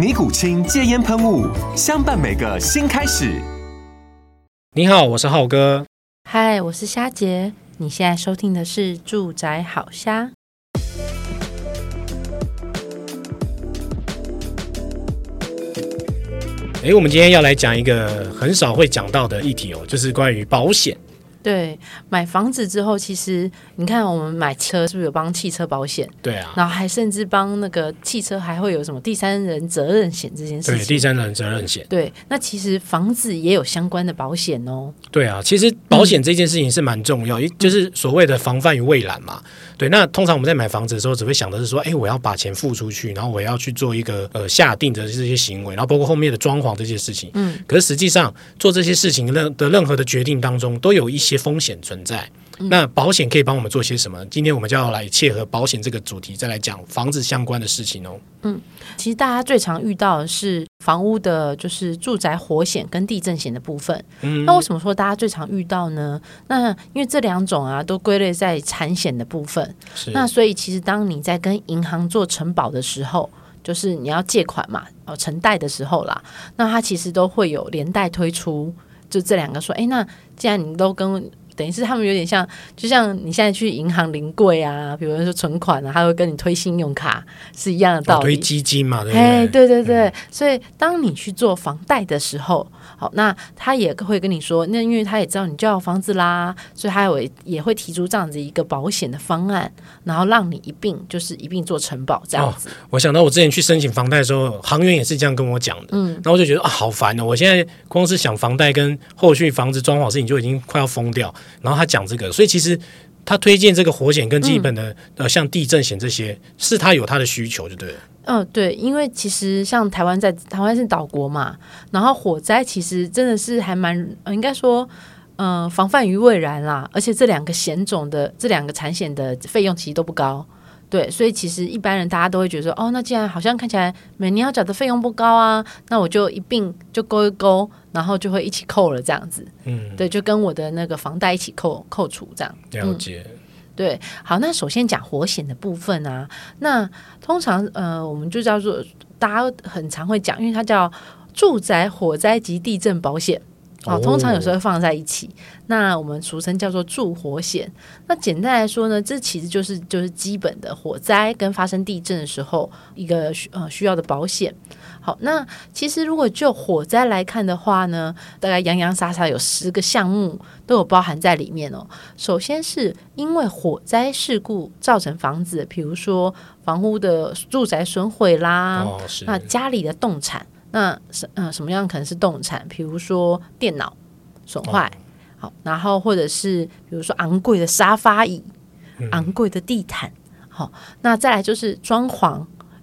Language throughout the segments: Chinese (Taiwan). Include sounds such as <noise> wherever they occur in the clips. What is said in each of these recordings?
尼古清戒煙噴霧，相伴每個新開始。你好，我是浩哥。嗨，我是蝦姐。你現在收聽的是《住宅好蝦》。哎，我們今天要來講一個很少會講到的議題哦，就是關於保險。對，買房子之後，其實你看，我們買車是不是有幫汽車保險？對啊，然後還甚至幫那個汽車還會有什麼第三人責任險這件事情。對，第三人責任險。對，那其實房子也有相關的保險哦。對啊，其實保險這件事情是蠻重要，嗯、一就是所謂的防範於未然嘛。嗯、對，那通常我們在買房子的時候，只會想的是說，哎，我要把錢付出去，然後我要去做一個呃下定的這些行為，然後包括後面的裝潢這些事情。嗯。可是實際上做這些事情任的任何的決定當中，都有一些。一些風險存在，那保險可以幫我們做些什麼？嗯、今天我們就要來切合保險這個主題，再來講房子相關的事情哦。嗯，其實大家最常遇到的是房屋的，就是住宅火險跟地震險的部分。嗯、嗯、嗯，那為什麼說大家最常遇到呢？那因為這兩種啊，都歸類在產險的部分。是，那所以其實當你在跟銀行做承保的時候，就是你要借款嘛，哦、呃，承貸的時候啦，那它其實都會有連帶推出，就這兩個說，哎，那。既然你都跟我。等於是他們有點像，就像你現在去銀行臨櫃啊，比如說存款啊，他會跟你推信用卡是一樣的道理、哦，推基金嘛，對不對？欸、對、對、對、嗯、所以當你去做房貸的時候，好，那他也會跟你說，那因為他也知道你就要房子啦，所以他也會提出這樣子一個保險的方案，然後讓你一併就是一併做承保這樣、哦、我想到我之前去申請房貸的時候，行員也是這樣跟我講的，嗯，那我就覺得啊，好煩哦！我現在光是想房貸跟後續房子裝潢事情，就已經快要瘋掉。然後他講這個，所以其實他推薦這個火險跟基本的、嗯、呃，像地震險這些，是他有他的需求就對了。嗯，對，因為其實像台灣在台灣是島國嘛，然後火災其實真的是還蠻，呃、應該說嗯、呃，防範於未然啦。而且這兩個險種的這兩個產險的費用其實都不高。對，所以其實一般人大家都會覺得說，哦，那既然好像看起來每年要繳的費用不高啊，那我就一併就勾一勾，然後就會一起扣了這樣子。嗯，對，就跟我的那個房貸一起扣扣除這樣。嗯、了解。對，好，那首先講火險的部分啊，那通常呃，我們就叫做大家很常會講，因為它叫住宅火災及地震保險。哦，通常有時候會放在一起，哦、那我們俗稱叫做住火險。那簡單來說呢，這其實就是就是基本的火災跟發生地震的時候一個呃需要的保險。好，那其實如果就火災來看的話呢，大概洋洋灑灑有十個項目都有包含在裡面哦。首先是因為火災事故造成房子，比如說房屋的住宅損毀啦，哦、那家裡的動產。那是嗯、呃、什麼樣可能是動產？比如說電腦損壞，哦、好，然後或者是比如說昂貴的沙發椅，嗯、昂貴的地毯，好，那再來就是裝潢，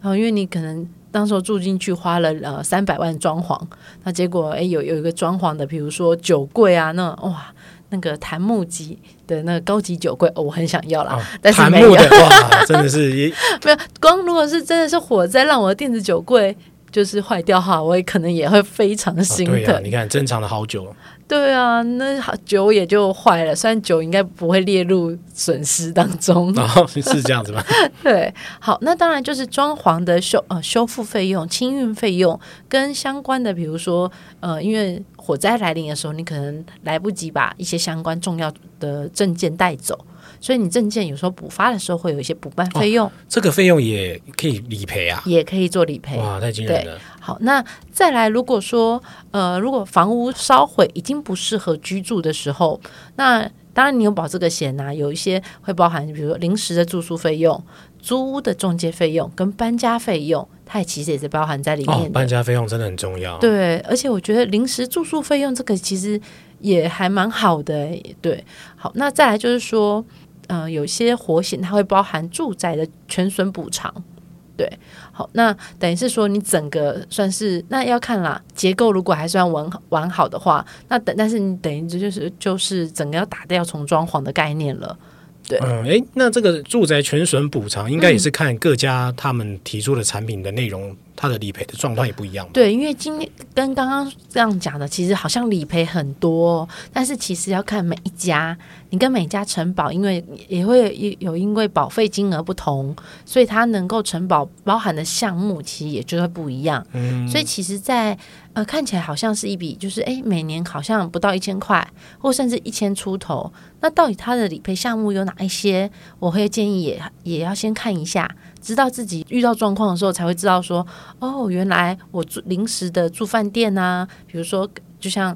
然後因為你可能當時候住進去花了呃三百萬裝潢，那結果哎有有一個裝潢的，比如說酒櫃啊，那個、哇那個檀木級的那個高級酒櫃，哦，我很想要啦，哦、但是沒有檀木的哇，真的是 <laughs> 沒有光，如果是真的是火災，讓我的電子酒櫃，就是壞掉哈，我也可能也會非常的心疼。哦，對啊。你看珍藏了好久。對啊，那酒也就壞了，雖然酒應該不會列入損失當中，哦，是這樣子嗎？ <laughs> 對，好，那當然就是裝潢的修呃修復費用、清運費用跟相關的，比如說呃，因為火災來臨的時候，你可能來不及把一些相關重要的證件帶走，所以你證件有時候補發的時候會有一些補辦費用，哦，這個費用也可以理賠啊，也可以做理賠，哇，太驚人了。好，那再來，如果說呃，如果房屋燒毀已經不適合居住的時候，那當然你有保這個險吶、啊，有一些會包含，比如說臨時的住宿費用、租屋的中介費用跟搬家費用，它也其實也是包含在裡面、哦。搬家費用真的很重要。對，而且我覺得臨時住宿費用這個其實也還蠻好的誒。對，好，那再來就是說，嗯、呃，有些火險它會包含住宅的全損補償。對，好，那等於是說，你整個算是那，要看啦，結構如果還算完完好的話，那等但是你等於就是就是整個要打掉重裝潢的概念了，對，嗯，誒，那這個住宅全損補償應該也是看各家他們提出的產品的內容。嗯他的理賠的狀況也不一樣，對，因為今天跟剛剛這樣講的，其實好像理賠很多，但是其實要看每一家，你跟每家承保，因為也會有因為保費金額不同，所以他能夠承保包含的項目其實也就會不一樣。嗯，所以其實在，在呃看起來好像是一筆，就是哎、欸、每年好像不到一千塊，或甚至一千出頭，那到底他的理賠項目有哪一些？我會建議也也要先看一下，知道自己遇到狀況的時候才會知道說。哦，原來我住臨時的住飯店吶啊，比如說，就像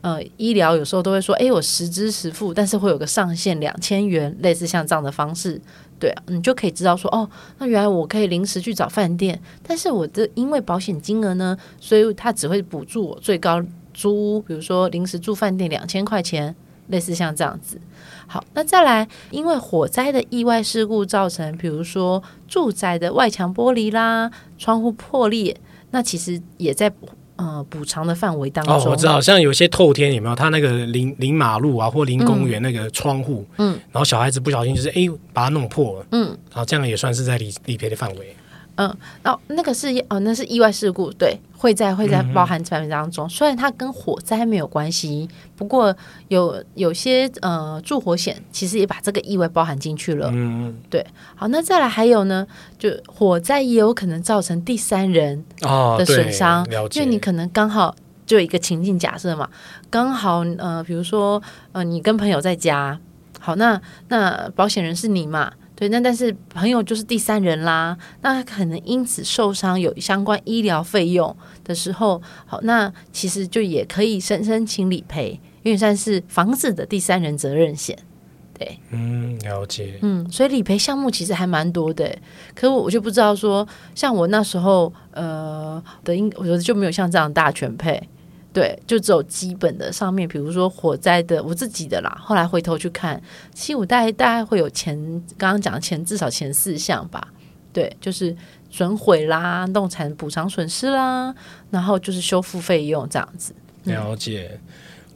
呃醫療有時候都會說，哎，我實支實付，但是會有個上限兩千元，類似像這樣的方式，對啊，你就可以知道說，哦，那原來我可以臨時去找飯店，但是我的因為保險金額呢，所以他只會補助我最高租，比如說臨時住飯店兩千塊錢。類似像這樣子，好，那再來，因為火災的意外事故造成，比如說住宅的外牆玻璃啦、窗戶破裂，那其實也在補呃補償的範圍當中。哦，我知道，像有些透天有沒有？他那個臨臨馬路啊，或臨公園那個窗戶，嗯，嗯，然後小孩子不小心就是哎、欸，把它弄破了，嗯，然後這樣也算是在理理賠的範圍。嗯，哦，那個是哦，那個、是意外事故，對，會在會在包含這方面當中。嗯、哼雖然它跟火災沒有關係，不過有有些呃住火險其實也把這個意外包含進去了。嗯嗯，對。好，那再來還有呢，就火災也有可能造成第三人的損傷，啊、因為你可能剛好就有一個情境假設嘛，剛好呃，比如說呃，你跟朋友在家，好，那那保險人是你嘛？對，那但是朋友就是第三人啦，那他可能因此受傷有相關醫療費用的時候，好，那其實就也可以申請理賠，因為算是房子的第三人責任險。對，嗯，了解。嗯，所以理賠項目其實還蠻多的，可我就不知道說，像我那時候，呃，的應我覺得就沒有像這樣大全配。對，就只有基本的上面，比如說火災的我自己的啦。後來回頭去看，其實我大概大概會有前剛剛講的前至少前四項吧。對，就是損毀啦、動產補償損失啦，然後就是修復費用這樣子。嗯、了解。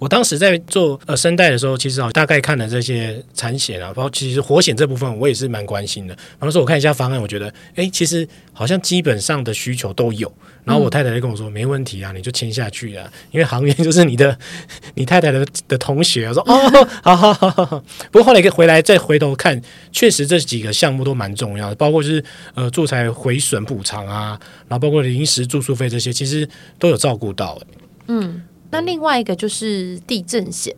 我當時在做呃房貸的時候，其實啊，大概看了這些產險啊，包括其實火險這部分，我也是蠻關心的。然後說我看一下方案，我覺得哎、欸，其實好像基本上的需求都有。然後我太太就跟我說，嗯、沒問題啊，你就簽下去啊，因為行員就是你的，你太太的的同學，我說哦，好好好好。 <laughs> 不過後來可以回來再回頭看，確實這幾個項目都蠻重要的，包括就是呃，住宅毀損補償啊，然後包括臨時住宿費這些，其實都有照顧到、欸。嗯。那另外一個就是地震險，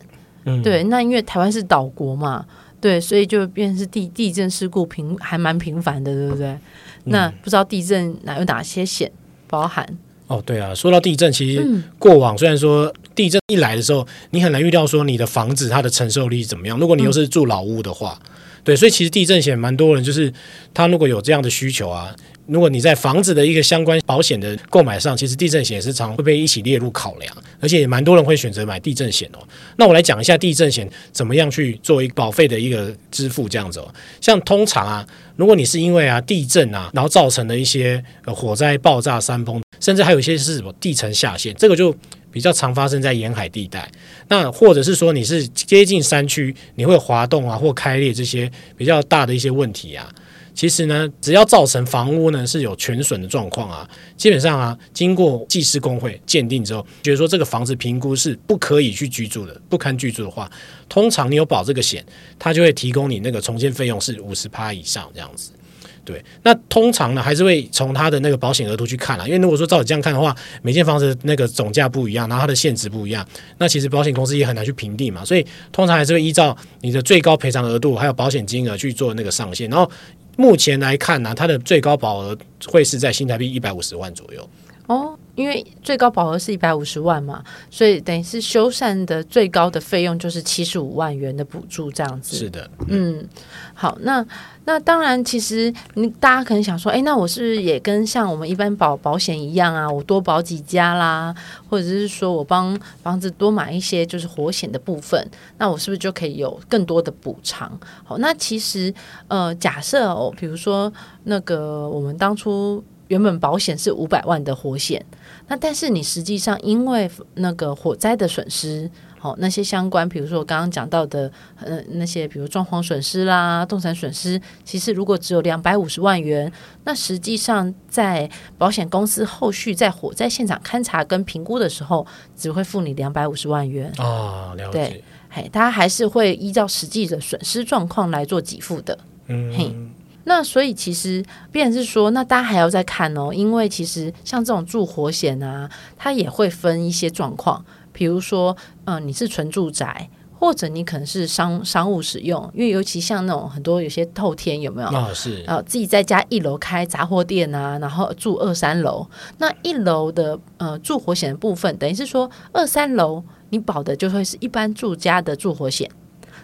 嗯、對，那因為台灣是島國嘛，對，所以就變成是地地震事故頻，還蠻頻繁的，對不對？嗯、那不知道地震哪有哪些險包含？哦，對啊，說到地震，其實過往雖然說地震一來的時候，嗯、你很難預料說你的房子它的承受力怎麼樣，如果你又是住老屋的話。嗯對，所以其實地震險蠻多人，就是他如果有這樣的需求啊，如果你在房子的一個相關保險的購買上，其實地震險也是常會被一起列入考量，而且也蠻多人會選擇買地震險哦。那我來講一下地震險怎麼樣去做一個保費的一個支付這樣子哦。像通常啊，如果你是因為啊地震啊，然後造成了一些火災、爆炸、山崩，甚至還有一些是什麼地層下陷，這個就。比較常發生在沿海地帶，那或者是說你是接近山區，你會滑動啊，或開裂這些比較大的一些問題啊。其實呢，只要造成房屋呢是有全損的狀況啊，基本上啊，經過技師工會鑑定之後，覺得說這個房子評估是不可以去居住的，不堪居住的話，通常你有保這個險，它就會提供你那個重建費用是五十趴以上這樣子。對，那通常呢還是會從它的那個保險額度去看啊，因為如果說照你這樣看的話，每間房子那個總價不一樣，然後它的限值不一樣，那其實保險公司也很難去評定嘛。所以通常還是會依照你的最高賠償額度還有保險金額去做那個上限。然後目前來看呢，啊，它的最高保額會是在新台幣一百五十萬左右。哦。因為最高保額是一百五十萬嘛，所以等於是修繕的最高的費用就是七十五萬元的補助這樣子。是的，嗯，好，那那當然，其實你大家可能想說，哎，那我是不是也跟像我們一般保保險一樣啊？我多保幾家啦，或者是說我幫房子多買一些就是火險的部分，那我是不是就可以有更多的補償？好，那其實呃，假設哦，比如說那個我們當初原本保險是五百萬的火險。那但是你實際上因為那個火災的損失，好、哦、那些相關，比如說我剛剛講到的，呃那些比如裝潢損失啦、動產損失，其實如果只有兩百五十萬元，那實際上在保險公司後續在火災現場勘查跟評估的時候，只會付你兩百五十萬元、啊、對，了解，他還是會依照實際的損失狀況來做給付的。嗯，那所以其實，變成是說，那大家還要再看哦，因為其實像這種住火險啊，它也會分一些狀況，比如說，嗯、呃，你是純住宅，或者你可能是商商務使用，因為尤其像那種很多有些透天有沒有？啊是，是、呃、自己在家一樓開雜貨店啊，然後住二三樓，那一樓的呃住火險的部分，等於是說二三樓你保的就會是一般住家的住火險。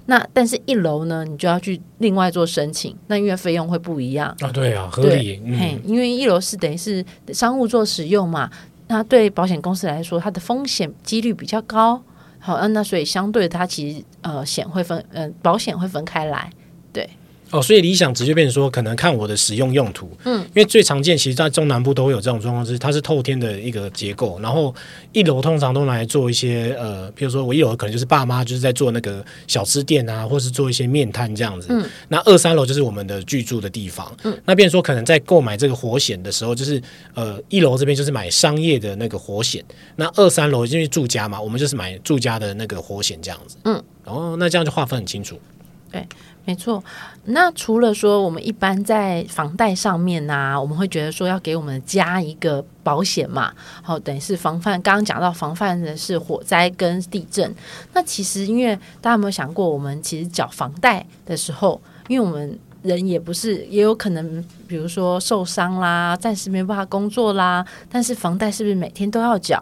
那但是一樓呢，你就要去另外做申請，那因為費用會不一樣啊。對啊，合理。對嗯，因為一樓是等於是商務做使用嘛，那對保險公司來說，它的風險幾率比較高。好，那所以相對它其實呃，險會分，呃保險會分開來。哦，所以理想直就變成說，可能看我的使用用途，嗯，因為最常見其實，在中南部都會有這種狀況，就是它是透天的一個結構，然後一樓通常都拿來做一些呃，譬如說我有可能就是爸媽就是在做那個小吃店啊，或者是做一些面攤這樣子。嗯、那二三樓就是我們的居住的地方。嗯，那變成說可能在購買這個火險的時候，就是呃，一樓這邊就是買商業的那個火險，那二三樓因為住家嘛，我們就是買住家的那個火險這樣子。嗯，然後、哦、那這樣就劃分很清楚。對，沒錯。那除了說我們一般在房貸上面呐、啊，我們會覺得說要給我們加一個保險嘛，好，等於是防範。剛剛講到防範的是火災跟地震。那其實，因為大家有沒有想過，我們其實繳房貸的時候，因為我們人也不是，也有可能，比如說受傷啦，暫時沒辦法工作啦，但是房貸是不是每天都要繳？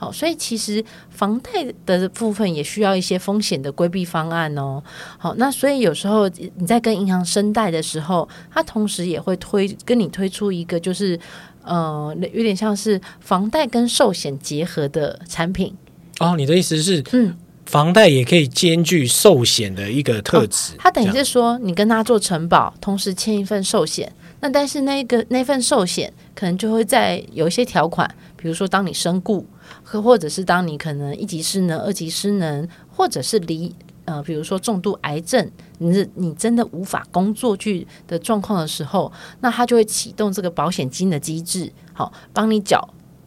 好，所以其實房貸的部分也需要一些風險的規避方案哦。好，那所以有時候你在跟銀行申貸的時候，它同時也會推跟你推出一個，就是呃，有點像是房貸跟壽險結合的產品哦。你的意思是，嗯，房貸也可以兼具壽險的一個特質。嗯哦、他等於是說，這樣。你跟他做承保，同時簽一份壽險。那但是那個那份壽險可能就會在有一些條款，比如說當你身故。可或者是當你可能一級失能、二級失能，或者是離呃，比如說重度癌症，你是你真的無法工作去的狀況的時候，那他就會啟動這個保險金的機制，好幫你繳。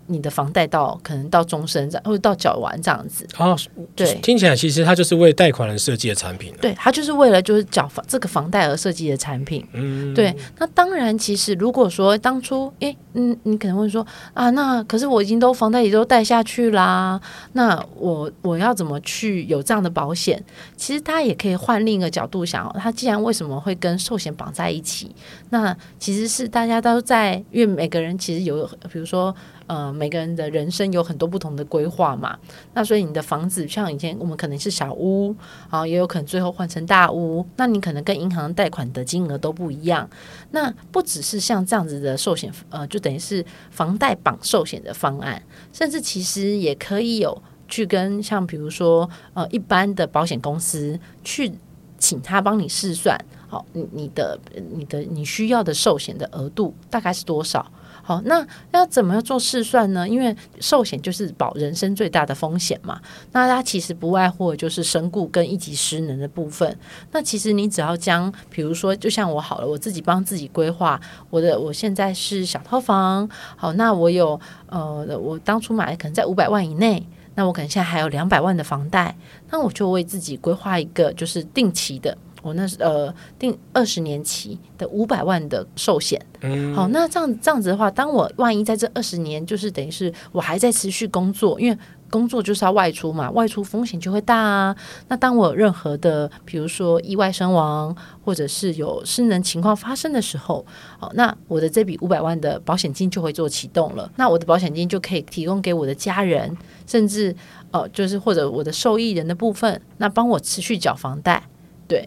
你的房貸到可能到終身這樣，或者到繳完這樣子哦，對，聽起來其實它就是為貸款人設計的產品啊。對，它就是為了就是繳房這個房貸而設計的產品。嗯，對。那當然，其實如果說當初，哎、欸，嗯，你可能會說啊，那可是我已經都房貸也都貸下去啦，那我我要怎麼去有這樣的保險？其實他也可以換另一個角度想，他既然為什麼會跟壽險綁在一起？那其實是大家都在因為每個人其實有比如說。呃，每個人的人生有很多不同的規劃嘛，那所以你的房子像以前我們可能是小屋，啊，也有可能最後換成大屋，那你可能跟銀行貸款的金額都不一樣。那不只是像這樣子的壽險，呃，就等於是房貸綁壽險的方案，甚至其實也可以有去跟像比如說呃一般的保險公司去請他幫你試算，好、哦，你你的你的你需要的壽險的額度大概是多少？好，那要怎麼樣做試算呢？因為壽險就是保人生最大的風險嘛。那它其實不外乎就是身故跟一級失能的部分。那其實你只要將，比如說，就像我好了，我自己幫自己規劃，我的我現在是小套房，好，那我有呃，我當初買可能在五百萬以內，那我可能現在還有兩百萬的房貸，那我就為自己規劃一個就是定期的。我、哦、那是呃定二十年期的五百萬的壽險，嗯，好，那這樣這樣子的話，當我萬一在這二十年，就是等於是我還在持續工作，因為工作就是要外出嘛，外出風險就會大啊。那當我有任何的，比如說意外身亡，或者是有失能情況發生的時候，好、哦，那我的這筆五百萬的保險金就會做啟動了，那我的保險金就可以提供給我的家人，甚至呃，就是或者我的受益人的部分，那幫我持續繳房貸，對。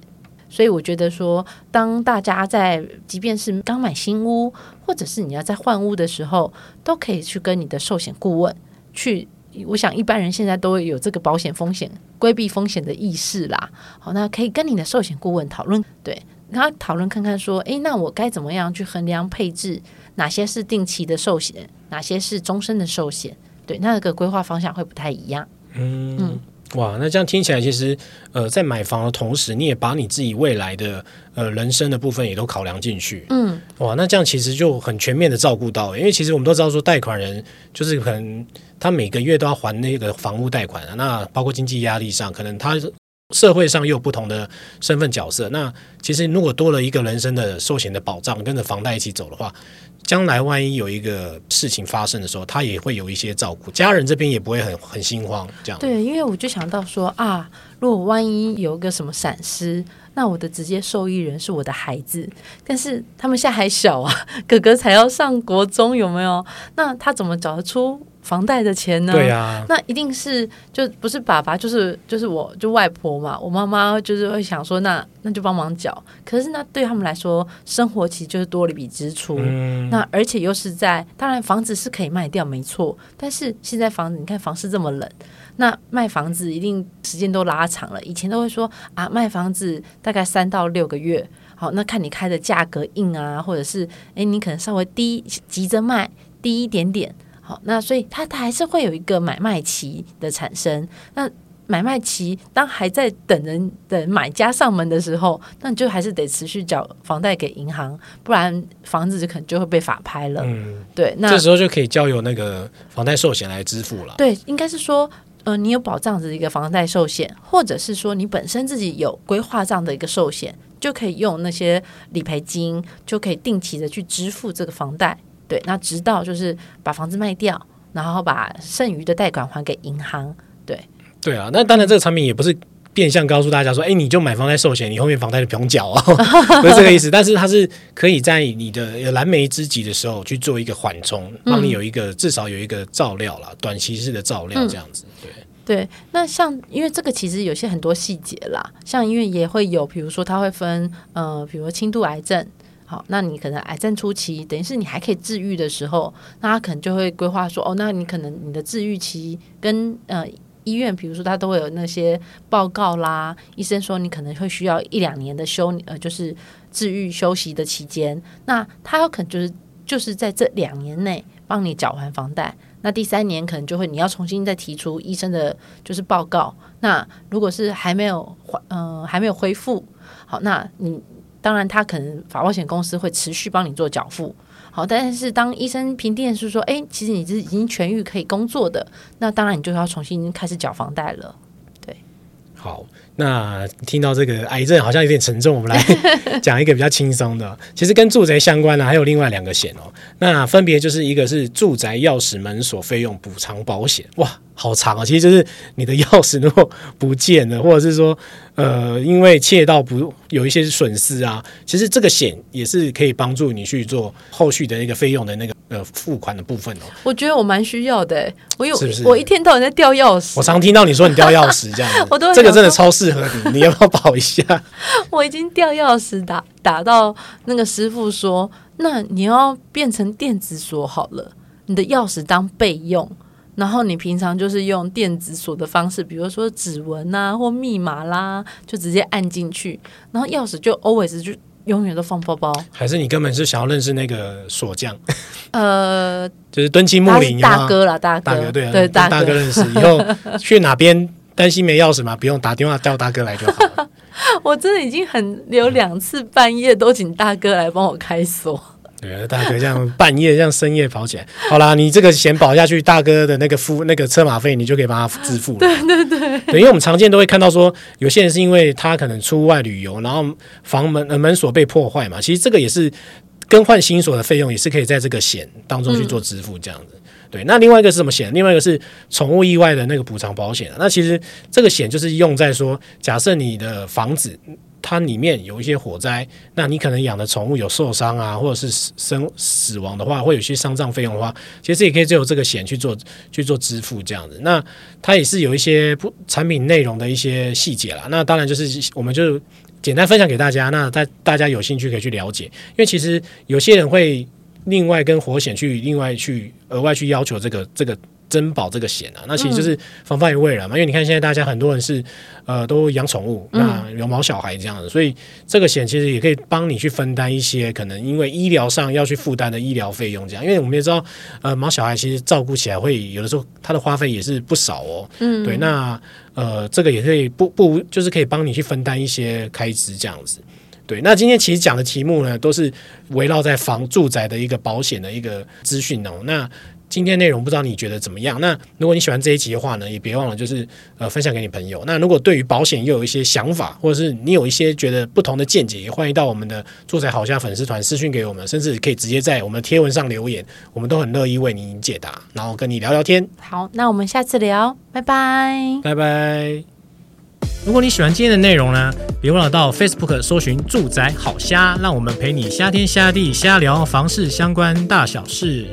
所以我覺得說，當大家在，即便是剛買新屋，或者是你要在換屋的時候，都可以去跟你的壽險顧問去。我想一般人現在都有這個保險風險規避風險的意識啦。好，那可以跟你的壽險顧問討論，對，然後討論看看說，誒，那我該怎麼樣去衡量配置？哪些是定期的壽險，哪些是終身的壽險？對，那個規劃方向會不太一樣。嗯。嗯哇，那這樣聽起來，其實呃，在買房的同時，你也把你自己未來的呃人生的部分也都考量進去，嗯，哇，那這樣其實就很全面的照顧到，因為其實我們都知道說，貸款人就是可能他每個月都要還那個房屋貸款啊，那包括經濟壓力上，可能他。社會上又有不同的身份角色，那其實如果多了一個人身的壽險的保障，跟着房貸一起走的話，將來萬一有一個事情發生的時候，他也會有一些照顧，家人這邊也不會很很心慌。這樣對，因為我就想到說啊，如果萬一有個什麼閃失，那我的直接受益人是我的孩子，但是他們現在還小啊，哥哥才要上國中，有沒有？那他怎麼找得出？房貸的錢呢？對呀、啊，那一定是就不是爸爸，就是就是我，就外婆嘛。我媽媽就是會想說那，那那就幫忙繳。可是那對他們來說，生活其實就是多了一筆支出。嗯、那而且又是在，當然房子是可以賣掉，沒錯。但是現在房子，你看房市這麼冷，那賣房子一定時間都拉長了。以前都會說啊，賣房子大概三到六個月。好，那看你開的價格硬啊，或者是哎，你可能稍微低，急着賣低一點點。好，那所以他還是會有一個買賣期的產生。那買賣期當還在等人，等買家上門的時候，那你就還是得持續繳房貸給銀行，不然房子就可能就會被法拍了。嗯，對，那這時候就可以交由那個房貸壽險來支付了。對，應該是說，呃，你有保障的一個房貸壽險，或者是說你本身自己有規劃這樣的一個壽險，就可以用那些理賠金，就可以定期的去支付這個房貸。對，那直到就是把房子賣掉，然後把剩餘的貸款還給銀行。對，對啊，那當然這個產品也不是變相告訴大家說，哎，你就買房貸壽險，你後面房貸就不用繳哦」呵呵呵， <laughs> 不是這個意思。但是它是可以在你的燃眉之急的時候去做一個緩衝，讓你有一個、嗯、至少有一個照料啦，短期式的照料這樣子。嗯、對，對，那像因為這個其實有些很多細節啦，像因為也會有，比如說它會分，呃，比如說輕度癌症。好，那你可能癌症初期，等於是你還可以治癒的時候，那他可能就會規劃說，哦，那你可能你的治癒期跟呃醫院，比如說他都會有那些報告啦，醫生說你可能會需要一兩年的休呃，就是治癒休息的期間，那他有可能就是就是在這兩年內幫你繳完房貸，那第三年可能就會你要重新再提出醫生的，就是報告，那如果是還沒有還，嗯、呃，還沒有恢復，好，那你。當然，他可能法保險公司會持續幫你做繳付，好，但是當醫生評定是說，哎，其實你這是已經痊癒可以工作的，那當然你就要重新開始繳房貸了。對，好，那聽到這個癌症好像有點沉重，我們來講一個比較輕鬆的。 <laughs> 其實跟住宅相關的、啊、還有另外兩個險哦，那分別就是一個是住宅鑰匙門鎖費用補償保險，哇，好長啊、哦，其實就是你的鑰匙如果不見了，或者是說。呃，因為竊盜不有一些損失啊，其實這個險也是可以幫助你去做後續的那個費用的那個呃付款的部分哦、喔。我覺得我蠻需要的、欸，我有，是是我一天到晚在掉鑰匙。我常聽到你說你掉鑰匙這樣， <laughs> 我都這個真的超適合你，你要不要保一下？ <laughs> 我已經掉鑰匙打打到那個師傅說，那你要變成電子鎖好了，你的鑰匙當備用。然後你平常就是用電子鎖的方式，比如說指紋啊或密碼啦、啊，就直接按進去。然後鑰匙就 always 就永遠都放包包。還是你根本是想要認識那個鎖匠？呃，就是蹲基木林大哥啦，有有大哥，大哥，大哥，對啊，對，大哥，大哥認識，以後去哪邊擔心沒鑰匙嘛，不用打電話叫大哥來就好。 <laughs> 我真的已經很有兩次半夜都請大哥來幫我開鎖。大哥這樣半夜這樣深夜跑起來，好啦，你這個險保下去，大哥的那個付那個車馬費，你就可以幫他支付了。對對對。對，因為我們常見都會看到說，有些人是因為他可能出外旅遊，然後房門門鎖被破壞嘛，其實這個也是更換新鎖的費用，也是可以在這個險當中去做支付這樣子。嗯。對，那另外一個是什麼險？另外一個是寵物意外的那個補償保險啊。那其實這個險就是用在說，假設你的房子。它裡面有一些火災，那你可能養的寵物有受傷啊，或者是生死亡的話，會有些喪葬費用的話，其實也可以就有這個險去做去做支付這樣子。那它也是有一些不產品內容的一些細節啦。那當然就是我們就簡單分享給大家，那大大家有興趣可以去了解，因為其實有些人會另外跟火險去另外去額外去要求這個這個。增保這個險啊，那其實就是防範於未然嘛。嗯、因為你看現在大家很多人是，呃，都養寵物，那有毛小孩這樣子，嗯、所以這個險其實也可以幫你去分擔一些可能因為醫療上要去負擔的醫療費用這樣。因為我們也知道，呃，毛小孩其實照顧起來會有的時候它的花費也是不少哦。嗯，對，那呃，這個也可以不不就是可以幫你去分擔一些開支這樣子。對，那今天其實講的題目呢，都是圍繞在房住宅的一個保險的一個資訊哦。那今天內容不知道你覺得怎麼樣？那如果你喜歡這一集的話呢，也別忘了就是呃分享給你朋友。那如果對於保險又有一些想法，或者是你有一些覺得不同的見解，也歡迎到我們的“住宅好蝦”粉絲團私訊給我們，甚至可以直接在我們的貼文上留言，我們都很樂意為你解答，然後跟你聊聊天。好，那我們下次聊，拜拜，拜拜。如果你喜歡今天的內容呢，別忘了到 Facebook 搜尋“住宅好蝦”，讓我們陪你瞎天瞎地瞎聊房事相關大小事。